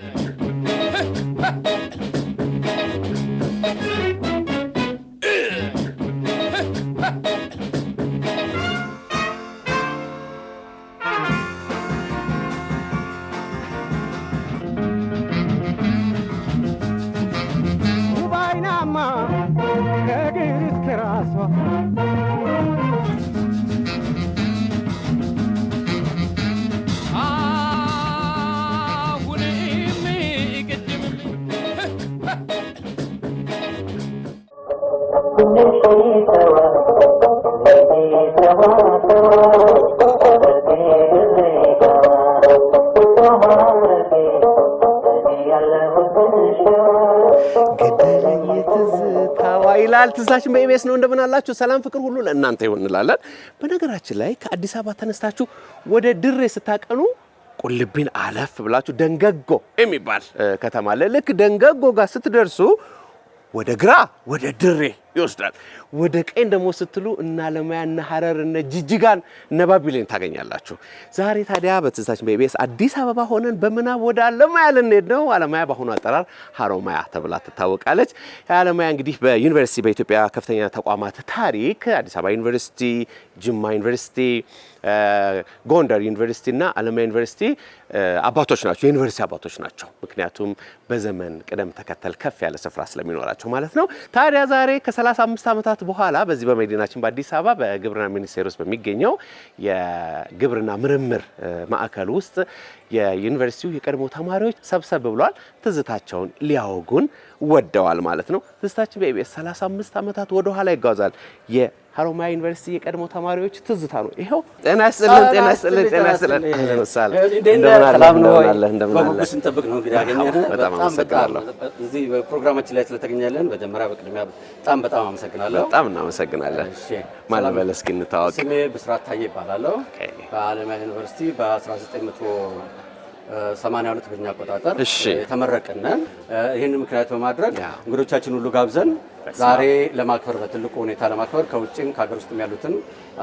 Yeah. ዝግጅታችን በኢቢኤስ ነው። እንደምን አላችሁ? ሰላም ፍቅር ሁሉ ለእናንተ ይሆን እንላለን። በነገራችን ላይ ከአዲስ አበባ ተነስታችሁ ወደ ድሬ ስታቀኑ ቁልቢን አለፍ ብላችሁ ደንገጎ የሚባል ከተማ አለ። ልክ ደንገጎ ጋር ስትደርሱ ወደ ግራ ወደ ድሬ ይወስዳል። ወደ ቀኝ ደግሞ ስትሉ እነ አለማያ፣ እነ ሀረር፣ እነ ጅጅጋን፣ እነ ባቢሌን ታገኛላችሁ። ዛሬ ታዲያ በትዝታችን በኢቢኤስ አዲስ አበባ ሆነን በምናብ ወደ አለማያ ልንሄድ ነው። አለማያ በአሁኑ አጠራር ሀሮማያ ተብላ ትታወቃለች። የአለማያ እንግዲህ በዩኒቨርሲቲ በኢትዮጵያ ከፍተኛ ተቋማት ታሪክ አዲስ አበባ ዩኒቨርሲቲ፣ ጅማ ዩኒቨርሲቲ፣ ጎንደር ዩኒቨርሲቲ እና አለማያ ዩኒቨርሲቲ አባቶች ናቸው፣ የዩኒቨርሲቲ አባቶች ናቸው። ምክንያቱም በዘመን ቅደም ተከተል ከፍ ያለ ስፍራ ስለሚኖራቸው ማለት ነው። ታዲያ ዛሬ ከሰላ 35 ዓመታት በኋላ በዚህ በመዲናችን በአዲስ አበባ በግብርና ሚኒስቴር ውስጥ በሚገኘው የግብርና ምርምር ማዕከል ውስጥ የዩኒቨርሲቲው የቀድሞ ተማሪዎች ሰብሰብ ብሏል። ትዝታቸውን ሊያወጉን ወደዋል ማለት ነው። ትዝታችን በኢቢኤስ 35 ዓመታት ወደ ይጓዛል። ሀሮማያ ዩኒቨርሲቲ የቀድሞ ተማሪዎች ትዝታ ነው። ይኸው ጤና ይስጥልን፣ ጤና ይስጥልን፣ ጤና ይስጥልን። ለምሳሌ እንደምናለን እንደምናለን። በጉጉት ስንጠብቅ ነው እንግዲህ ያገኘንህ። በጣም አመሰግናለሁ እዚህ በፕሮግራማችን ላይ ስለተገኛለን። በመጀመሪያ በቅድሚያ በጣም በጣም አመሰግናለሁ። በጣም እናመሰግናለን። ማን በል እስኪ እንታወቅ። ስሜ ብስራት ታዬ ይባላለሁ። በሀሮማያ ዩኒቨርሲቲ በ1900 ሰማንያ ሁለት በኛ አቆጣጠር የተመረቅን ይህን ምክንያት በማድረግ እንግዶቻችን ሁሉ ጋብዘን ዛሬ ለማክበር በትልቁ ሁኔታ ለማክበር ከውጭም ከሀገር ውስጥም ያሉትን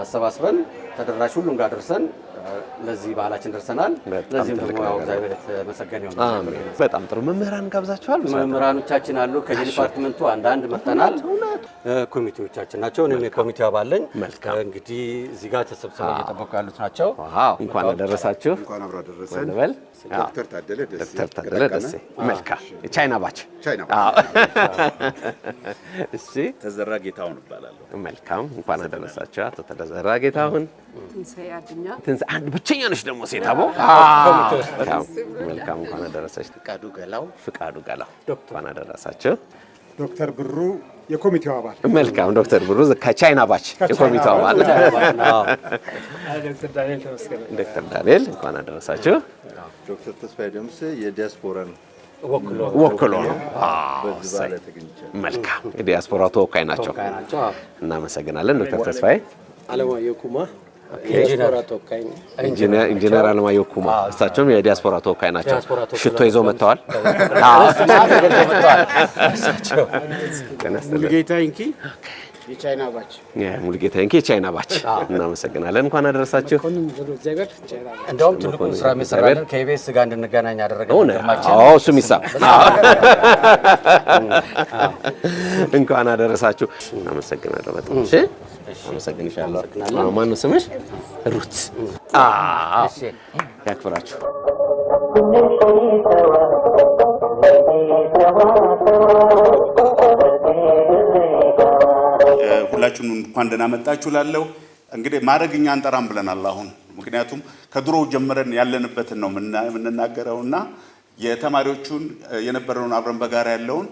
አሰባስበን ተደራሽ ሁሉም ጋር ደርሰን ለዚህ በዓላችን ደርሰናል። ለዚህም ደግሞ እግዚአብሔር የተመሰገነ ይሆናል። በጣም ጥሩ መምህራን ጋብዛችኋል። መምህራኖቻችን አሉ። ከዲፓርትመንቱ አንዳንድ መጥተናል። ኮሚቴዎቻችን ናቸው። እኔም የኮሚቴ አባል ነኝ። እንግዲህ እዚህ ጋር ተሰብስበው እየጠበቁ ያሉት ናቸው። እንኳን አደረሳችሁ። በል ዶክተር ታደለ ደሴ መልካም ቻይና ባች ተዘራ ጌታሁን እባላለሁ። መልካም እንኳን አደረሳችሁ አቶ ተዘራ ጌታሁን። ትንሣኤ አንድ ብቸኛ ነች ደግሞ ሴት አቦ መልካም እንኳን አደረሰች። ፍቃዱ ገላው ፍቃዱ ገላው እንኳን አደረሳችሁ። ዶክተር ብሩ የኮሚቴው አባል መልካም ዶክተር ብሩ ከቻይና ባች የኮሚቴው አባል ዶክተር ዳንኤል እንኳን አደረሳችሁ። ዶክተር ተስፋዬ ደምስ የዲያስፖራን ወክሎ ነው። መልካም የዲያስፖራ ተወካይ ናቸው። እናመሰግናለን ዶክተር ተስፋዬ አለማየሁ ኩማ ኢንጂነር አለማየሁ ኩማ እሳቸውም የዲያስፖራ ተወካይ ናቸው። ሽቶ ይዘው መጥተዋል። ጌታ ሙልጌታ ንኬ የቻይና ባች እናመሰግናለን። እንኳን አደረሳችሁ። እንደውም ትልቁ ስራ የሚሰራለን ከኢቢኤስ ጋር እንድንገናኝ ያደረገ እሱ ሚሳብ እንኳን አደረሳችሁ። እናመሰግናለሁ በጣም እሺ። አመሰግንሻለሁ። ማነው ስምሽ? ሩት ያክብራችሁ። ሁላችሁም እንኳን ደህና መጣችሁ ላለው እንግዲህ ማድረግ እኛ አንጠራም ብለናል። አሁን ምክንያቱም ከድሮ ጀምረን ያለንበትን ነው የምንናገረው እና የተማሪዎቹን የነበረውን አብረን በጋራ ያለውን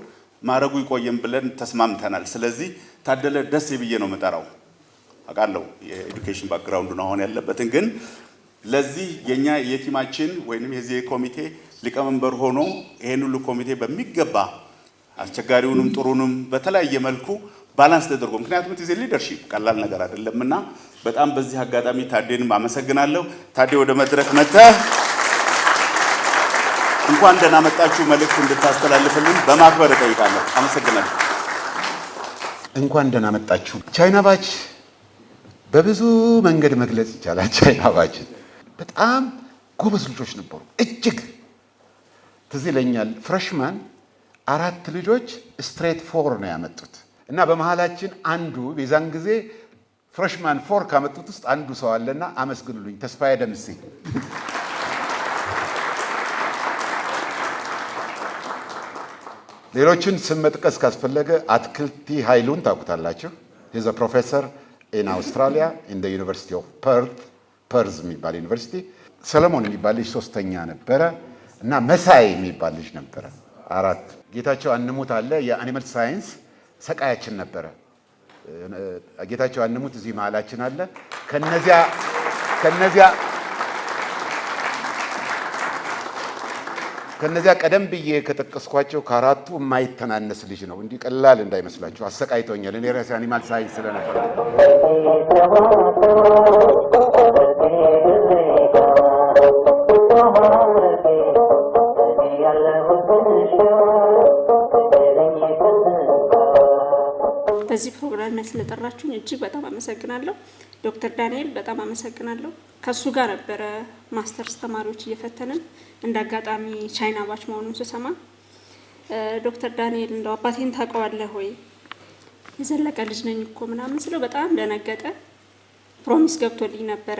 ማድረጉ ይቆየም ብለን ተስማምተናል። ስለዚህ ታደለ ደሴ ብዬ ነው የምጠራው አውቃለሁ የኤዱኬሽን ባክግራውንዱ አሁን ያለበትን ግን ለዚህ የኛ የቲማችን ወይንም የዚህ ኮሚቴ ሊቀመንበር ሆኖ ይሄን ሁሉ ኮሚቴ በሚገባ አስቸጋሪውንም ጥሩንም በተለያየ መልኩ ባላንስ ተደርጎ ምክንያቱም ጊዜ ሊደርሺፕ ቀላል ነገር አይደለም እና በጣም በዚህ አጋጣሚ ታዴንም አመሰግናለሁ። ታዴ ወደ መድረክ መጥተህ እንኳን ደህና መጣችሁ መልእክት እንድታስተላልፍልን በማክበር እጠይቃለሁ። አመሰግናለሁ። እንኳን ደህና መጣችሁ። ቻይና ባች በብዙ መንገድ መግለጽ ይቻላል። ቻይና ባችን በጣም ጎበዝ ልጆች ነበሩ። እጅግ ትዝ ይለኛል ፍረሽማን አራት ልጆች ስትሬት ፎር ነው ያመጡት እና በመሀላችን አንዱ በዛን ጊዜ ፍሬሽማን ፎር ካመጡት ውስጥ አንዱ ሰው አለና አመስግኑልኝ፣ ተስፋዬ ደምሴ። ሌሎችን ስም መጥቀስ ካስፈለገ አትክልቲ ኃይሉን ታውቁታላችሁ። ሂዝ ፕሮፌሰር ኢን አውስትራሊያ ኢን ደ ዩኒቨርሲቲ ኦፍ ፐርት ፐርዝ የሚባል ዩኒቨርሲቲ። ሰለሞን የሚባል ልጅ ሶስተኛ ነበረ እና መሳይ የሚባል ልጅ ነበረ አራት። ጌታቸው አንሙት አለ የአኒመል ሳይንስ ሰቃያችን ነበረ። ጌታቸው አንሙት እዚህ መሀላችን አለ። ከነዚያ ከነዚያ ከነዚያ ቀደም ብዬ ከጠቀስኳቸው ከአራቱ የማይተናነስ ልጅ ነው። እንዲህ ቀላል እንዳይመስላችሁ አሰቃይቶኛል። እኔ ራሴ አኒማል ሳይንስ ስለነበር በዚህ ፕሮግራም ስለጠራችሁኝ እጅግ በጣም አመሰግናለሁ። ዶክተር ዳንኤል በጣም አመሰግናለሁ። ከሱ ጋር ነበረ ማስተርስ ተማሪዎች እየፈተንን እንደ አጋጣሚ ቻይና ባች መሆኑን ስሰማ ዶክተር ዳንኤል እንደው አባቴን ታውቀዋለህ ወይ የዘለቀ ልጅ ነኝ እኮ ምናምን ስለው በጣም ደነገጠ። ፕሮሚስ ገብቶልኝ ነበረ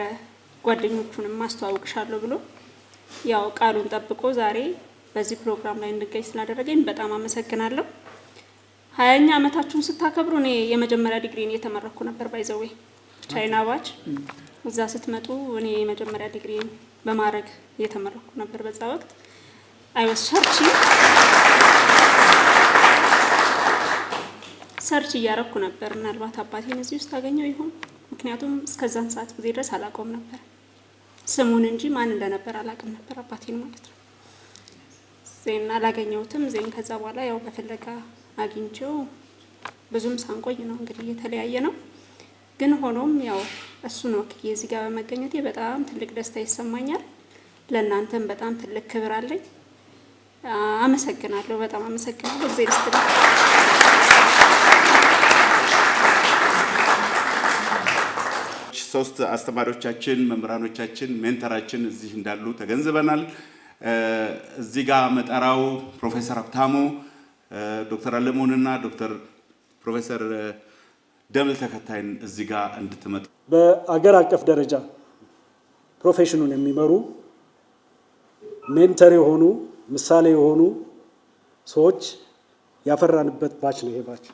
ጓደኞቹንም ማስተዋወቅሻለሁ ብሎ ያው ቃሉን ጠብቆ ዛሬ በዚህ ፕሮግራም ላይ እንድገኝ ስላደረገኝ በጣም አመሰግናለሁ። ሀያኛ አመታችሁን ስታከብሩ እኔ የመጀመሪያ ዲግሪን እየተመረኩ ነበር። ባይዘዌ ቻይና ባች እዛ ስትመጡ እኔ የመጀመሪያ ዲግሪን በማድረግ እየተመረኩ ነበር። በዛ ወቅት አይወስ ሰርች ሰርች እያረኩ ነበር። ምናልባት አባቴን እዚህ ውስጥ አገኘው ይሆን? ምክንያቱም እስከዛን ሰዓት ጊዜ ድረስ አላውቀውም ነበር ስሙን እንጂ ማን እንደነበር አላውቅም ነበር አባቴን ማለት ነው። ዜና አላገኘሁትም። ዜን ከዛ በኋላ ያው በፍለጋ አግኝቼው ብዙም ሳንቆይ ነው እንግዲህ የተለያየ ነው። ግን ሆኖም ያው እሱን ወክዬ እዚህ ጋር በመገኘቴ በጣም ትልቅ ደስታ ይሰማኛል። ለእናንተም በጣም ትልቅ ክብር አለኝ። አመሰግናለሁ፣ በጣም አመሰግናለሁ። እግዜር ይስጥልኝ። ሶስት አስተማሪዎቻችን፣ መምህራኖቻችን፣ ሜንተራችን እዚህ እንዳሉ ተገንዝበናል። እዚህ ጋር መጠራው ፕሮፌሰር ሀብታሙ ዶክተር አለሞንና ዶክተር ፕሮፌሰር ደምል ተከታይን እዚህ ጋር እንድትመጡ በአገር አቀፍ ደረጃ ፕሮፌሽኑን የሚመሩ ሜንተር የሆኑ ምሳሌ የሆኑ ሰዎች ያፈራንበት ባች ነው። ይሄ ባች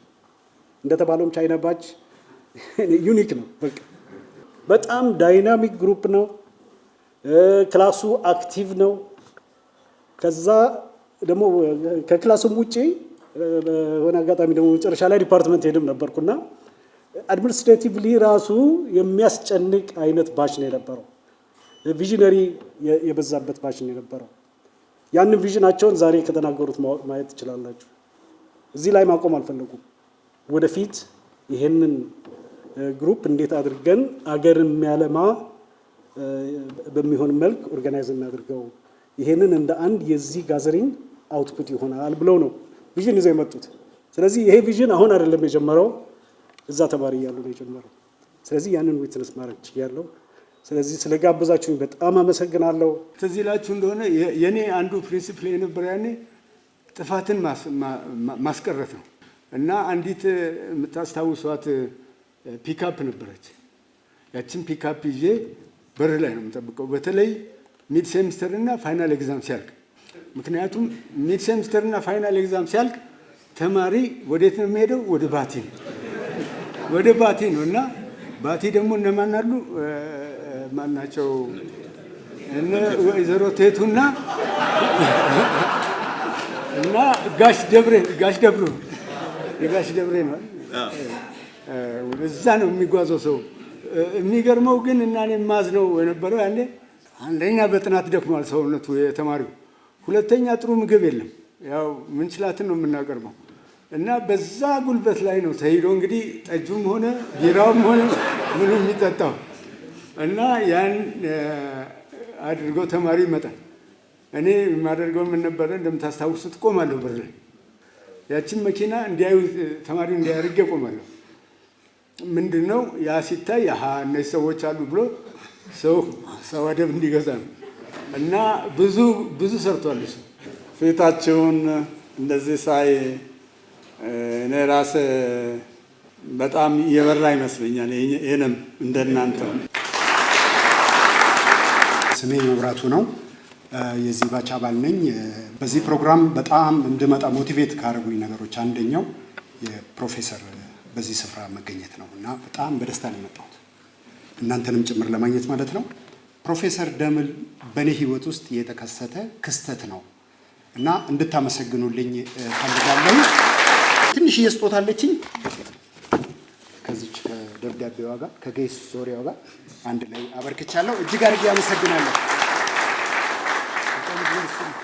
እንደተባለውም ቻይና ባች ዩኒክ ነው። በቃ በጣም ዳይናሚክ ግሩፕ ነው። ክላሱ አክቲቭ ነው። ከዛ ደግሞ ከክላሱም ውጪ በሆነ አጋጣሚ ደግሞ መጨረሻ ላይ ዲፓርትመንት ሄድም ነበርኩና አድሚኒስትሬቲቭሊ ራሱ የሚያስጨንቅ አይነት ባች ነው የነበረው። ቪዥነሪ የበዛበት ባች ነው የነበረው። ያንን ቪዥናቸውን ዛሬ ከተናገሩት ማየት ትችላላችሁ። እዚህ ላይ ማቆም አልፈለጉም። ወደፊት ይህንን ግሩፕ እንዴት አድርገን አገር የሚያለማ በሚሆን መልክ ኦርጋናይዝ እናድርገው፣ ይህንን እንደ አንድ የዚህ ጋዘሪንግ አውትፑት ይሆናል ብለው ነው ቪዥን ይዘው የመጡት። ስለዚህ ይሄ ቪዥን አሁን አይደለም የጀመረው፣ እዛ ተማሪ እያሉ ነው የጀመረው። ስለዚህ ያንን ዊትነስ ማድረግ ያለው ስለዚህ ስለጋበዛችሁኝ በጣም አመሰግናለሁ። ትዝ ይላችሁ እንደሆነ የእኔ አንዱ ፕሪንሲፕል የነበረ ያኔ ጥፋትን ማስቀረት ነው እና አንዲት የምታስታውሷት ፒካፕ ነበረች። ያችን ፒካፕ ይዤ በር ላይ ነው የምጠብቀው፣ በተለይ ሚድ ሴሚስተር እና ፋይናል ኤግዛም ሲያልቅ ምክንያቱም ሚድ ሴምስተርና ፋይናል ኤግዛም ሲያልቅ ተማሪ ወዴት ነው የሚሄደው? ወደ ባቲ ነው፣ ወደ ባቲ ነው። እና ባቲ ደግሞ እነማን አሉ? ማን ናቸው? እነ ወይዘሮ ቴቱና እና ጋሽ ደብሬ ጋሽ ደብሩ የጋሽ ደብሬ ነው። እዛ ነው የሚጓዘው ሰው። የሚገርመው ግን እና እኔ ማዝ ነው የነበረው ያኔ አንደኛ በጥናት ደክሟል ሰውነቱ የተማሪው ሁለተኛ ጥሩ ምግብ የለም። ያው ምንችላትን ነው የምናቀርበው እና በዛ ጉልበት ላይ ነው ተሂዶ እንግዲህ ጠጁም ሆነ ቢራውም ሆነ ምኑ የሚጠጣው እና ያን አድርጎ ተማሪ ይመጣል። እኔ የማደርገው ምን ነበረ፣ እንደምታስታውሱት ቆማለሁ በር ላይ ያችን መኪና እንዲያዩ ተማሪ እንዲያደርግ ቆማለሁ። ምንድን ነው ያ ሲታይ፣ ሀ እነዚህ ሰዎች አሉ ብሎ ሰው አደብ እንዲገዛ ነው። እና ብዙ ብዙ ሰርቷል። እሱ እንደዚህ ሳይ እኔ ራሴ በጣም የበራ ይመስለኛል። ይህንም እንደናንተ ስሜ መብራቱ ነው። የዚህ ባች አባል ነኝ። በዚህ ፕሮግራም በጣም እንድመጣ ሞቲቬት ካደረጉኝ ነገሮች አንደኛው የፕሮፌሰር በዚህ ስፍራ መገኘት ነው እና በጣም በደስታ ነው የመጣሁት እናንተንም ጭምር ለማግኘት ማለት ነው። ፕሮፌሰር ደምል በእኔ ህይወት ውስጥ የተከሰተ ክስተት ነው እና እንድታመሰግኑልኝ ፈልጋለሁ። ትንሽ እየስጦታለችኝ ከዚች ከደብዳቤዋ ጋር ከጌስ ዞሪያው ጋር አንድ ላይ አበርክቻለሁ። እጅግ አድርጌ አመሰግናለሁ። Thank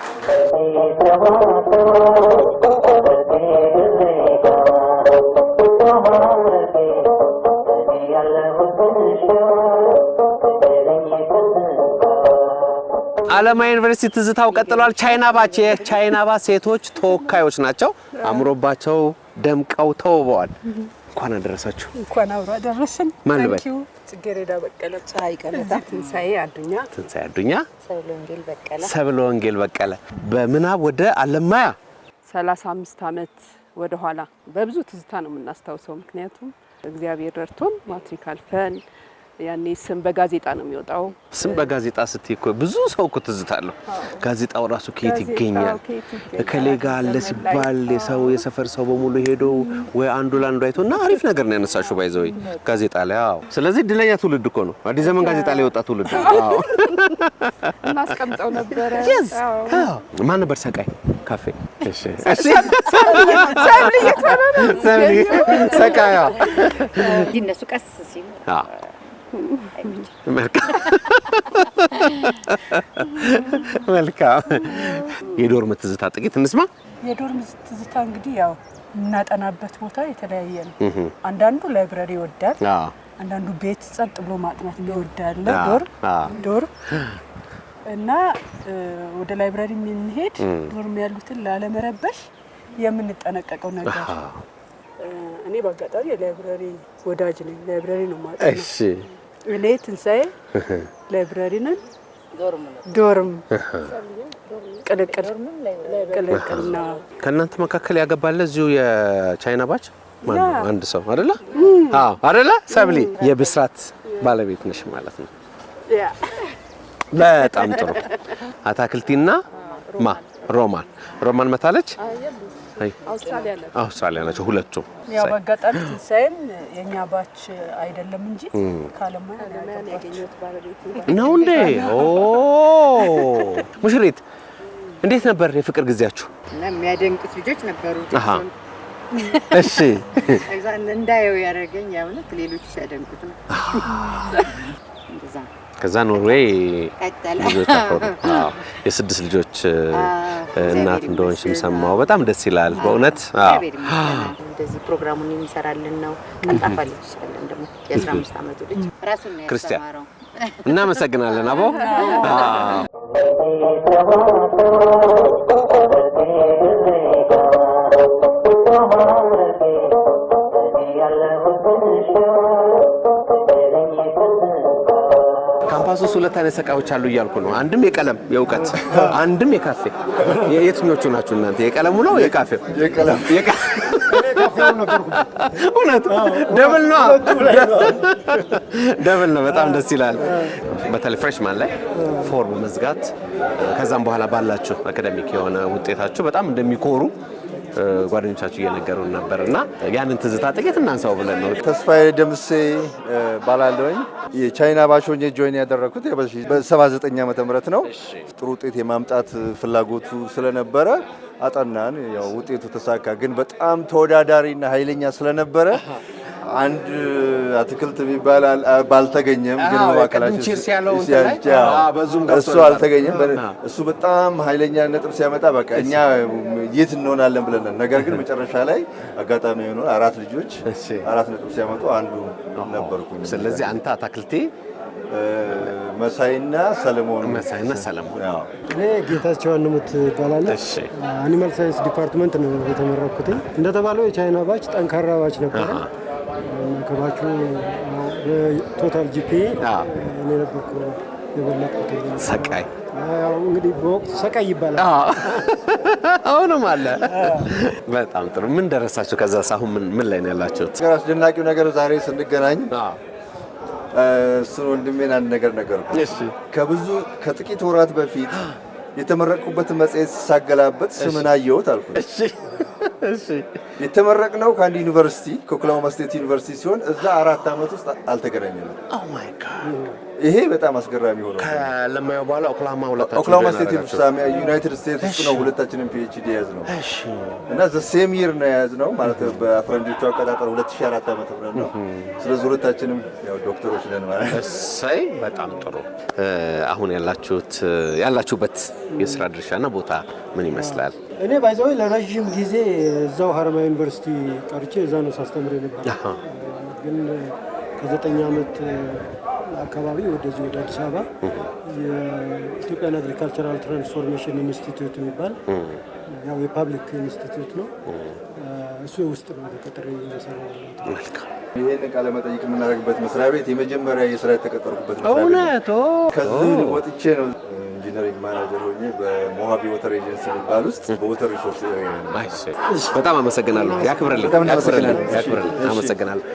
አለማ ዩኒቨርሲቲ ትዝታው ቀጥሏል። ቻይና ባች የቻይና ባ ሴቶች ተወካዮች ናቸው። አምሮባቸው ደምቀው ተውበዋል። እንኳን አደረሳችሁ። እንኳን አብሮ አደረሰን። ማን ልበል? ጽጌረዳ በቀለ፣ ፀሐይ ቀለታ፣ ትንሳኤ አዱኛ፣ ትንሳኤ አዱኛ፣ ሰብለ ወንጌል በቀለ። በምናብ ወደ አለማያ 35 ዓመት ወደ ኋላ በብዙ ትዝታ ነው የምናስታውሰው። ምክንያቱም እግዚአብሔር ረድቶን ማትሪክ አልፈን ያኔ ስም በጋዜጣ ነው የሚወጣው። ስም በጋዜጣ ስትይ እኮ ብዙ ሰው እኮ ትዝታለሁ። ጋዜጣው ራሱ ከየት ይገኛል እከሌ ጋ አለ ሲባል የሰው የሰፈር ሰው በሙሉ ሄዶ ወይ አንዱ ለአንዱ አይቶ እና አሪፍ ነገር ነው ያነሳሹ ባይዘወይ ጋዜጣ ላይ አዎ። ስለዚህ እድለኛ ትውልድ እኮ ነው። አዲስ ዘመን ጋዜጣ ላይ የወጣ ትውልድ አዎ። እናስቀምጠው ነበረ። ማን ነበር ሰቃይ ካፌ? እሺ እሺ፣ ሰቃይ እነሱ ቀስ ሲሉ መልካም። የዶርም ትዝታ ጥቂት እንስማ። የዶርም ትዝታ እንግዲህ ያው የምናጠናበት ቦታ የተለያየ ነው። አንዳንዱ ላይብረሪ ይወዳል፣ አንዳንዱ ቤት ጸጥ ብሎ ማጥናት ይወዳል። ዶርም ዶርም እና ወደ ላይብረሪ የምንሄድ ዶርም ያሉትን ላለመረበሽ የምንጠነቀቀው ነገር እኔ በአጋጣሚ የላይብረሪ ወዳጅ ነኝ። ላይብረሪ ነው ማለት ነው። እኔ ትንሣኤ ላይብራሪ ነን። ዶርም ቅልቅል ቅልቅልና ከእናንተ መካከል ያገባለ እዚሁ የቻይና ባች አንድ ሰው አደለ አደለ ሰብሊ የብስራት ባለቤት ነሽ ማለት ነው። በጣም ጥሩ አታክልቲና ማ ሮማን ሮማን መታለች። አውስትራሊያ ናቸው ሁለቱም። ያው በአጋጣሚ ትንሳኤም የእኛ ባች አይደለም እንጂ ካለማ ነው እንዴ? ሙሽሪት እንዴት ነበር የፍቅር ጊዜያችሁ? የሚያደንቁት ልጆች ነበሩ። እሺ እንዳየው ያደረገኝ ያ እውነት ሌሎቹ ሲያደንቁት ነው። ከዛ ኖርዌይ ልጆች አፈሩ። የስድስት ልጆች እናት እንደሆንሽም ሰማሁ። በጣም ደስ ይላል በእውነት እንደዚህ ፕሮግራሙን የሚሰራልን ነው። ቀልጣፋ ልጅ ደግሞ የአስራ አምስት ልጅ ነው እናመሰግናለን አቦ ካምፓስ ሁለት አይነት ሰቃዮች አሉ እያልኩ ነው። አንድም የቀለም የእውቀት፣ አንድም የካፌ። የትኞቹ ናችሁ እናንተ? የቀለሙ ነው የካፌው? እውነት ደብል ነው ደብል ነው። በጣም ደስ ይላል። በተለይ ፍሬሽማን ላይ ፎርም መዝጋት ከዛም በኋላ ባላችሁ አካዳሚክ የሆነ ውጤታችሁ በጣም እንደሚኮሩ ጓደኞቻችሁ እየነገሩን ነበር እና ያንን ትዝታ ጥቂት እናንሳው ብለን ነው። ተስፋዬ ደምሴ ባላለውኝ የቻይና ባቾ ጆይን ያደረግኩት በ79 ዓ ም ነው። ጥሩ ውጤት የማምጣት ፍላጎቱ ስለነበረ አጠናን። ያው ውጤቱ ተሳካ፣ ግን በጣም ተወዳዳሪና ኃይለኛ ስለነበረ አንድ አትክልት የሚባል ባልተገኘም ግን እሱ አልተገኘም። እሱ በጣም ኃይለኛ ነጥብ ሲያመጣ በቃ እኛ የት እንሆናለን ብለናል። ነገር ግን መጨረሻ ላይ አጋጣሚ የሆኑ አራት ልጆች አራት ነጥብ ሲያመጡ አንዱ ነበርኩኝ። ስለዚህ አንተ አታክልቴ መሳይና ሰለሞን መሳይና ሰለሞን። እኔ ጌታቸው አንሙት ይባላለሁ። አኒማል ሳይንስ ዲፓርትመንት ነው የተመረኩት። እንደተባለው የቻይና ባች ጠንካራ ባች ነበረ። መገባችሁ ቶታል ጂፒ እኔ ነበርኩ የበለጥኩት። ሰቃይ እንግዲህ በወቅቱ ሰቃይ ይባላል። አሁንም አለ። በጣም ጥሩ። ምን ደረሳችሁ? ከዛ አሁን ምን ላይ ነው ያላችሁት? አስደናቂው ነገር ዛሬ ስንገናኝ እሱን ወንድሜን አንድ ነገር ነገርኩት። ከብዙ ከጥቂት ወራት በፊት የተመረቅኩበትን መጽሔት ሳገላበት ስምን አየሁት አልኩት። የተመረቅ ነው ከአንድ ዩኒቨርሲቲ ከኦክላሆማ ስቴት ዩኒቨርሲቲ ሲሆን እዛ አራት ዓመት ውስጥ አልተገናኘንም። oh ይሄ በጣም አስገራሚ ሆኖ ከለማዩ በኋላ ኦክላማ ሁለታችን ኦክላማ ስቴት ዩኒቨርሲቲ ዩናይትድ ስቴትስ ውስጥ ነው ሁለታችንም ፒኤችዲ የያዝ ነው እና ዘ ሴም ይር ነው የያዝ ነው ማለት በፈረንጆቹ አቆጣጠር 2004 ዓመተ ምህረት ነው። ስለዚህ ሁለታችንም ያው ዶክተሮች ነን ማለት ነው። እሰይ በጣም ጥሩ። አሁን ያላችሁት ያላችሁበት የስራ ድርሻና ቦታ ምን ይመስላል? እኔ ባይዘው ለረዥም ጊዜ እዛው ሀረማያ ዩኒቨርሲቲ ቀርቼ እዛ ነው ሳስተምር የነበረ ግን ከዘጠኝ ዓመት አካባቢ ወደዚህ ወደ አዲስ አበባ የኢትዮጵያን አግሪካልቸራል ትራንስፎርሜሽን ኢንስቲትዩት የሚባል ያው የፓብሊክ ኢንስቲትዩት ነው። እሱ የውስጥ ነው ተቀጥሬ እየሰራ ያለው። ይሄን ቃለ መጠይቅ የምናደርግበት መስሪያ ቤት የመጀመሪያ የስራ የተቀጠርኩበት እውነቶ ከዚህ ወጥቼ ነው ኢንጂነሪንግ ማናጀር ሆኜ በሞሃቢ ወተር ኤጀንሲ የሚባል ውስጥ በወተር ሪሶርስ። በጣም አመሰግናለሁ። ያክብርልን፣ ያክብርልን፣ አመሰግናለሁ።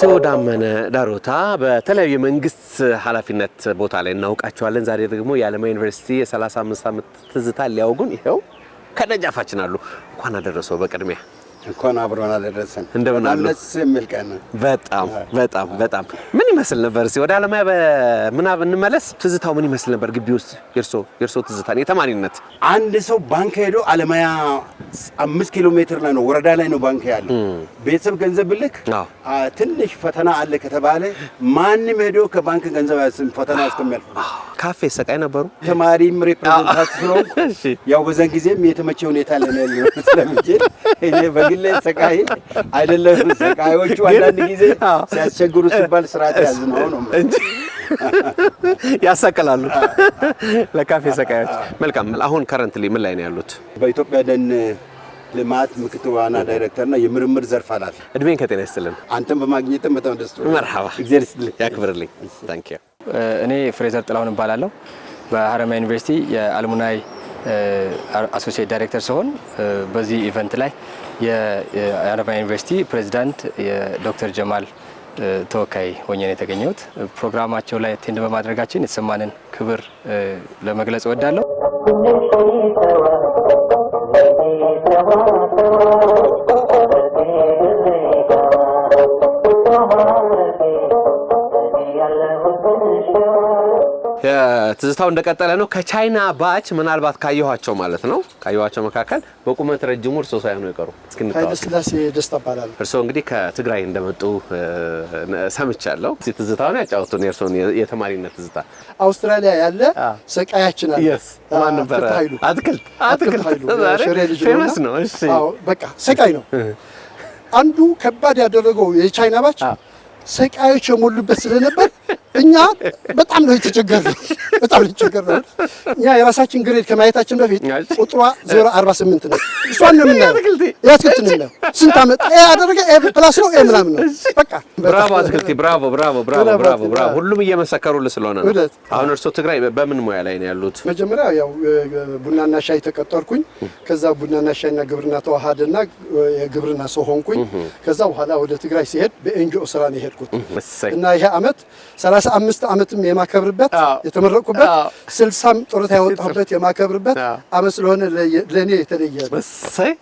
ተወዳመነ ዳሮታ በተለያዩ የመንግስት ኃላፊነት ቦታ ላይ እናውቃቸዋለን። ዛሬ ደግሞ የአለማ ዩኒቨርሲቲ የ35 ዓመት ትዝታ ሊያውጉን ይኸው ከደጃፋችን አሉ። እንኳን አደረሰው በቅድሚያ እንኳን አብሮን አደረሰን። እንደምን አሉ? የሚል ቀን በጣም በጣም በጣም ምን ይመስል ነበር? እስኪ ወደ አለማያ በምናብ እንመለስ። ትዝታው ምን ይመስል ነበር? ግቢ ውስጥ የእርሶ ትዝታ የተማሪነት አንድ ሰው ባንክ ሄዶ አለማያ አምስት ኪሎ ሜትር ላይ ነው ወረዳ ላይ ነው ባንክ ያለ ቤተሰብ ገንዘብ ብልክ ትንሽ ፈተና አለ ከተባለ ማንም ሄዶ ከባንክ ገንዘብ ፈተና እስከሚያልፍ ካፌ ሰቃይ ነበሩ። ተማሪም ሪፕሬዘንታት ነው። ያው በዛን ጊዜም የተመቸ ሁኔታ ለ ስለሚችል እኔ በግሌ ሰቃይ አይደለም። ሰቃዮቹ አንዳንድ ጊዜ ሲያስቸግሩ ሲባል ስርዓት ያዝ ነው ነው እንጂ ለካፌ ሰቃዮች መልካም። አሁን ከረንትሊ ምን ላይ ነው ያሉት? በኢትዮጵያ ደን ልማት ምክትል ዋና ዳይሬክተርና የምርምር ዘርፍ ኃላፊ። እድሜን ከጤና ይስጥልን። አንተም በማግኘትም በጣም ደስ መርሐባ። እግዚአብሔር ይስጥልኝ፣ ያክብርልኝ። ታንኪዩ እኔ ፍሬዘር ጥላሁን እባላለሁ። በሀረማያ ዩኒቨርሲቲ የአልሙናይ አሶሲየት ዳይሬክተር ሲሆን በዚህ ኢቨንት ላይ የሀረማያ ዩኒቨርሲቲ ፕሬዚዳንት የዶክተር ጀማል ተወካይ ሆኜ ነው የተገኘሁት። ፕሮግራማቸው ላይ ቴንድ በማድረጋችን የተሰማንን ክብር ለመግለጽ እወዳለሁ። ትዝታው እንደቀጠለ ነው። ከቻይና ባች ምናልባት ካየኋቸው ማለት ነው ካየኋቸው መካከል በቁመት ረጅሙ እርሶ ሳይሆኑ የቀሩ ስላሴ ደስታ እባላለሁ። እርሶ እንግዲህ ከትግራይ እንደመጡ ሰምቻለሁ። ትዝታውን ያጫወቱን የእርሶን የተማሪነት ትዝታ። አውስትራሊያ ያለ ሰቃያችን አለ ማን ነበረ? አትክልት አትክልት ፌመስ ነው። በቃ ሰቃይ ነው። አንዱ ከባድ ያደረገው የቻይና ባች ሰቃዮች የሞሉበት ስለነበር እኛ በጣም ነው የተቸገርነው። በጣም ነው የተቸገርነው። እኛ የራሳችን ግሬድ ከማየታችን በፊት ቁጥሯ ዜሮ አርባ ስምንት ነው። እሷን ነው የምናየው። የአትክልት ነው ስንት አመጣ ኤ አደረገ ኤ ፕላስ ነው ኤ ምናምን ነው። በቃ ብራቮ አትክልቲ፣ ብራቮ፣ ብራቮ፣ ብራቮ፣ ብራቮ፣ ብራቮ። ሁሉም እየመሰከሩልህ ስለሆነ ነው። አሁን እርሶ ትግራይ በምን ሙያ ላይ ነው ያሉት? መጀመሪያ ያው ቡናና ሻይ ተቀጠርኩኝ። ከዛ ቡናና ሻይና ግብርና ተዋሃደና የግብርና ሰው ሆንኩኝ። ከዛ በኋላ ወደ ትግራይ ሲሄድ በኤንጂኦ ስራ ነው የሄድኩት እና ይሄ አመት ሰላሳ አምስት ዓመትም የማከብርበት የተመረቁበት ስልሳም ጡረታ ያወጣሁበት የማከብርበት ዓመት ስለሆነ ለእኔ የተለየ መሳይ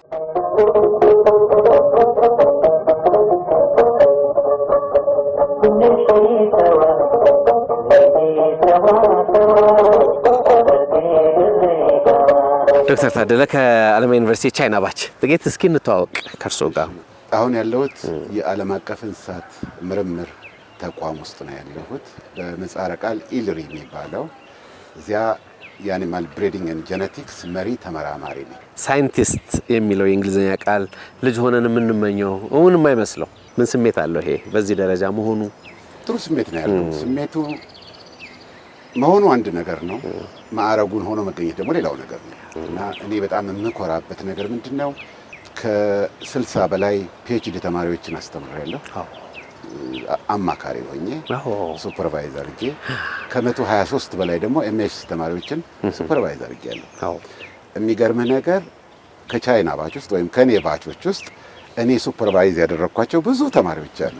ዶክተር ታደለ ከአለማ ዩኒቨርሲቲ ቻይና ባች ጥቂት እስኪ እንተዋወቅ ከእርሶ ጋር። አሁን ያለሁት የዓለም አቀፍ እንስሳት ምርምር ተቋም ውስጥ ነው ያለሁት። በምህጻረ ቃል ኢልሪ የሚባለው እዚያ የአኒማል ብሬዲንግ ን ጀነቲክስ መሪ ተመራማሪ ነው። ሳይንቲስት የሚለው የእንግሊዝኛ ቃል ልጅ ሆነን የምንመኘው እውን የማይመስለው ምን ስሜት አለው? ይሄ በዚህ ደረጃ መሆኑ ጥሩ ስሜት ነው ያለው። ስሜቱ መሆኑ አንድ ነገር ነው፣ ማዕረጉን ሆኖ መገኘት ደግሞ ሌላው ነገር ነው እና እኔ በጣም የምኮራበት ነገር ምንድን ነው ከስልሳ በላይ ፒኤችዲ ተማሪዎችን አስተምሬያለሁ። አማካሪ ሆኜ ሱፐርቫይዝ አድርጌ ከመቶ 23 በላይ ደግሞ ኤምኤስ ተማሪዎችን ሱፐርቫይዝ አድርጌ ያለሁ። የሚገርም ነገር ከቻይና ባች ውስጥ ወይም ከኔ ባቾች ውስጥ እኔ ሱፐርቫይዝ ያደረግኳቸው ብዙ ተማሪዎች አሉ።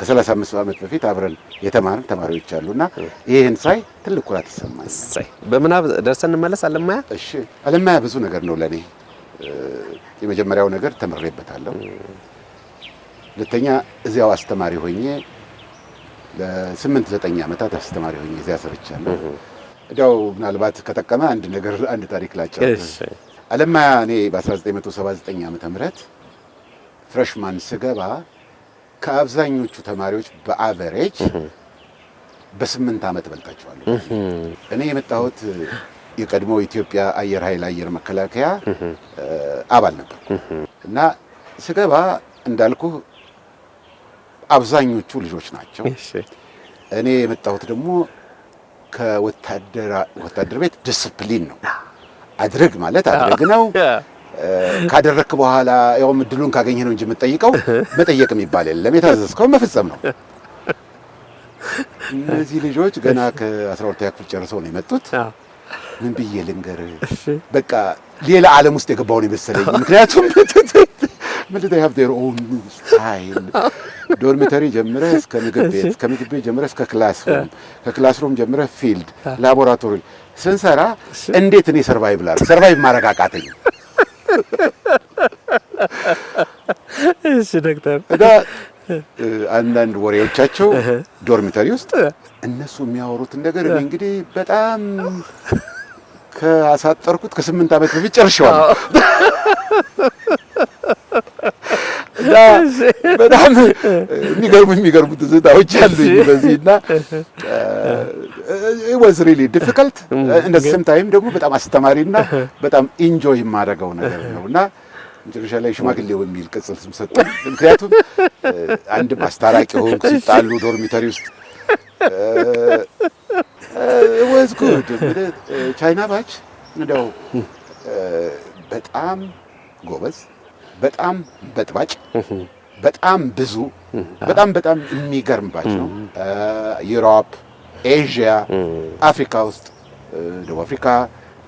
ከ35 ዓመት በፊት አብረን የተማርን ተማሪዎች እና ይህን ሳይ ትልቅ ኩራት ይሰማኛል። በምናብ ደርሰን እንመለስ። አለማያ እሺ፣ አለማያ ብዙ ነገር ነው ለእኔ። የመጀመሪያው ነገር ተምሬበታለሁ። ሁለተኛ እዚያው አስተማሪ ሆኜ ለስምንት ዘጠኝ ዓመታት አስተማሪ ሆኜ እዚያ ሰርቻለሁ። እዲያው ምናልባት ከጠቀመ አንድ ነገር አንድ ታሪክ ላጫውት። አለማ እኔ በ1979 ዓመተ ምህረት ፍረሽማን ስገባ ከአብዛኞቹ ተማሪዎች በአቨሬጅ በስምንት ዓመት በልጣቸዋለሁ። እኔ የመጣሁት የቀድሞ ኢትዮጵያ አየር ኃይል አየር መከላከያ አባል ነበርኩ እና ስገባ እንዳልኩ አብዛኞቹ ልጆች ናቸው። እኔ የመጣሁት ደግሞ ከወታደር ቤት ዲስፕሊን ነው። አድርግ ማለት አድርግ ነው። ካደረክ በኋላ ያውም እድሉን ካገኘ ነው እንጂ የምጠይቀው መጠየቅ የሚባል የለም። የታዘዝከው መፈጸም ነው። እነዚህ ልጆች ገና ከአስራ ሁለተኛ ክፍል ጨርሰው ነው የመጡት። ምን ብዬ ልንገር፣ በቃ ሌላ ዓለም ውስጥ የገባውን የመሰለኝ ምክንያቱም ማለት ሀቭ ዜር ኦን ስታይል ዶርሚተሪ ጀምረህ እስከ ምግብ ቤት ከምግብ ቤት ጀምረህ እስከ ክላስሩም ከክላስሩም ጀምረ ፊልድ ላቦራቶሪ ስንሰራ እንዴት እኔ ሰርቫይቭ ላድርግ ሰርቫይቭ ማድረግ እሺ ዶክተር እና አንዳንድ ወሬዎቻቸው ዶርሚተሪ ውስጥ እነሱ የሚያወሩትን ነገር እኔ እንግዲህ በጣም ከአሳጠርኩት ከስምንት ዓመት በፊት ጨርሼዋለሁ። እና በጣም የሚገርሙ የሚገርሙ ትዝታዎች አሉኝ በዚህ እና ወዝ ሪሊ እንደ ደግሞ በጣም አስተማሪ እና በጣም ኢንጆይ የማደርገው ነገር ነው እና መጨረሻ ላይ ሽማግሌው የሚል ቅጽል ስም ሰጡ። ምክንያቱም ሆንኩ ሲጣሉ ዶርሚተሪ ውስጥ ወዝ ጉድ ቻይና ባች እንደው በጣም ጎበዝ በጣም በጥባጭ በጣም ብዙ በጣም በጣም የሚገርምባቸው ዩሮፕ፣ ኤዥያ፣ አፍሪካ ውስጥ ደቡብ አፍሪካ፣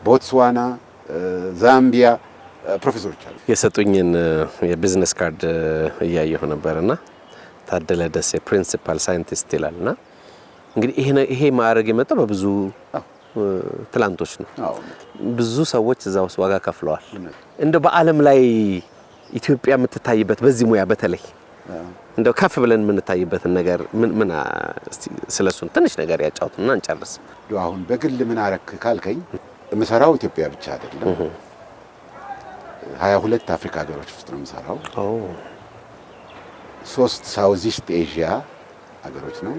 ቦትስዋና፣ ዛምቢያ ፕሮፌሰሮች አሉ። የሰጡኝን የቢዝነስ ካርድ እያየሁ ነበርና ታደለ ደሴ ፕሪንሲፓል ሳይንቲስት ይላል እና እንግዲህ ይሄ ማዕረግ የመጣው በብዙ ትላንቶች ነው። ብዙ ሰዎች እዛ ውስጥ ዋጋ ከፍለዋል። እንደ በዓለም ላይ ኢትዮጵያ የምትታይበት በዚህ ሙያ በተለይ እንደው ከፍ ብለን የምንታይበትን ነገር ምን ምን ስለሱን ትንሽ ነገር ያጫውትና እንጨርስ። አሁን በግል ምን አረክ ካልከኝ የምሰራው ኢትዮጵያ ብቻ አይደለም። ሀያ ሁለት አፍሪካ ሀገሮች ውስጥ ነው የምሰራው። ሶስት ሳውዝ ኢስት ኤዥያ ሀገሮች ነው፣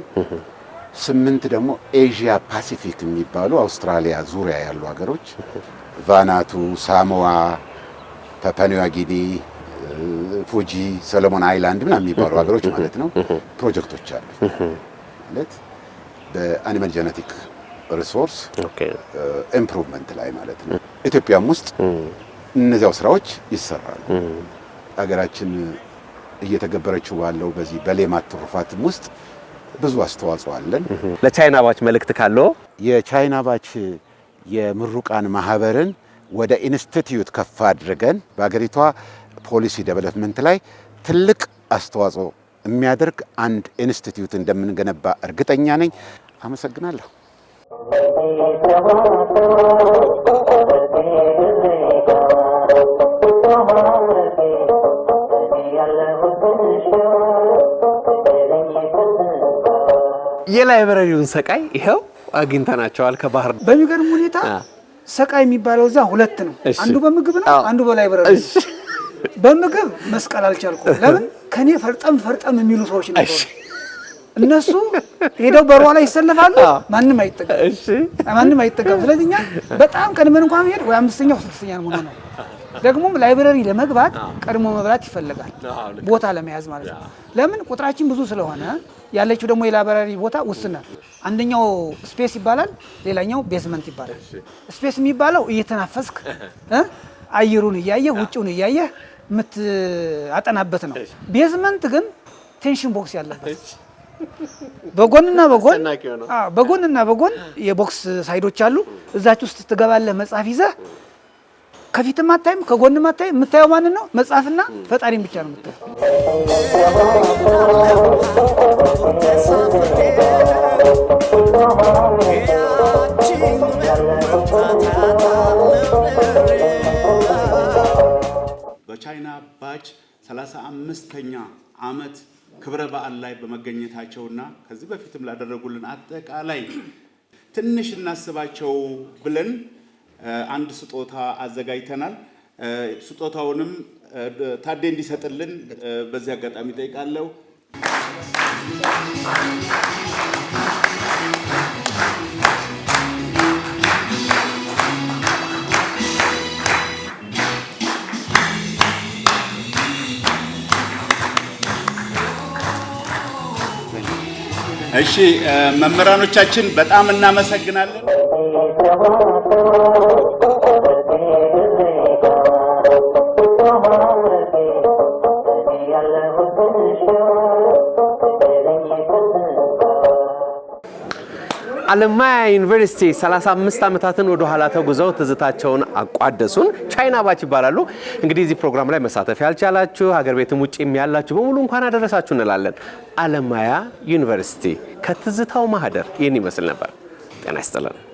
ስምንት ደግሞ ኤዥያ ፓሲፊክ የሚባሉ አውስትራሊያ ዙሪያ ያሉ ሀገሮች ቫናቱ፣ ሳሞዋ፣ ፓፓኒዋ ጊኒ ፉጂ፣ ሰለሞን አይላንድ ምናምን የሚባሉ ሀገሮች ማለት ነው ፕሮጀክቶች አሉ ማለት በአኒማል ጀነቲክ ሪሶርስ ኢምፕሩቭመንት ላይ ማለት ነው። ኢትዮጵያም ውስጥ እነዚያው ስራዎች ይሰራሉ። ሀገራችን እየተገበረችው ባለው በዚህ በሌማት ትሩፋትም ውስጥ ብዙ አስተዋጽኦ አለን። ለቻይና ባች መልእክት ካለው የቻይና ባች የምሩቃን ማህበርን ወደ ኢንስቲትዩት ከፍ አድርገን በሀገሪቷ ፖሊሲ ዴቨሎፕመንት ላይ ትልቅ አስተዋጽኦ የሚያደርግ አንድ ኢንስቲትዩት እንደምንገነባ እርግጠኛ ነኝ። አመሰግናለሁ። የላይብረሪውን ሰቃይ ይኸው አግኝተናቸዋል። ከባህር በሚገርም ሁኔታ ሰቃይ የሚባለው እዛ ሁለት ነው። አንዱ በምግብ ነው፣ አንዱ በላይብረሪ በምግብ መስቀል አልቻልኩም። ለምን ከኔ ፈርጠም ፈርጠም የሚሉ ሰዎች ነበሩ። እነሱ ሄደው በሯ ላይ ይሰለፋሉ። ማንም አይጠጋም፣ ማንም አይጠጋም። ስለዚህ እኛ በጣም ቀድመን እንኳን ሄድ ወይ አምስተኛው ስድስተኛ ሆነ ነው። ደግሞም ላይብረሪ ለመግባት ቀድሞ መብላት ይፈለጋል፣ ቦታ ለመያዝ ማለት ነው። ለምን ቁጥራችን ብዙ ስለሆነ ያለችው ደግሞ የላይብረሪ ቦታ ውስነ አንደኛው ስፔስ ይባላል፣ ሌላኛው ቤዝመንት ይባላል። ስፔስ የሚባለው እየተናፈስክ አየሩን እያየህ ውጭውን እያየህ የምትአጠናበት ነው። ቤዝመንት ግን ቴንሽን ቦክስ ያለበት በጎንና በጎን በጎንና በጎን የቦክስ ሳይዶች አሉ። እዛች ውስጥ ትገባለህ መጽሐፍ ይዘህ ከፊትም አታይም ከጎንም አታይም። የምታየው ማንን ነው? መጽሐፍና ፈጣሪን ብቻ ነው የምታየው። የቻይና ባች 35ኛ ዓመት ክብረ በዓል ላይ በመገኘታቸውና ከዚህ በፊትም ላደረጉልን አጠቃላይ ትንሽ እናስባቸው ብለን አንድ ስጦታ አዘጋጅተናል። ስጦታውንም ታዴ እንዲሰጥልን በዚህ አጋጣሚ ጠይቃለሁ። እሺ መምህራኖቻችን በጣም እናመሰግናለን። አለማያ ዩኒቨርሲቲ 35 ዓመታትን ወደ ኋላ ተጉዘው ትዝታቸውን አቋደሱን ቻይና ባች ይባላሉ። እንግዲህ እዚህ ፕሮግራም ላይ መሳተፍ ያልቻላችሁ ሀገር ቤትም ውጭም ያላችሁ በሙሉ እንኳን አደረሳችሁ እንላለን። አለማያ ዩኒቨርሲቲ ከትዝታው ማህደር ይህን ይመስል ነበር። ጤና ይስጥልን።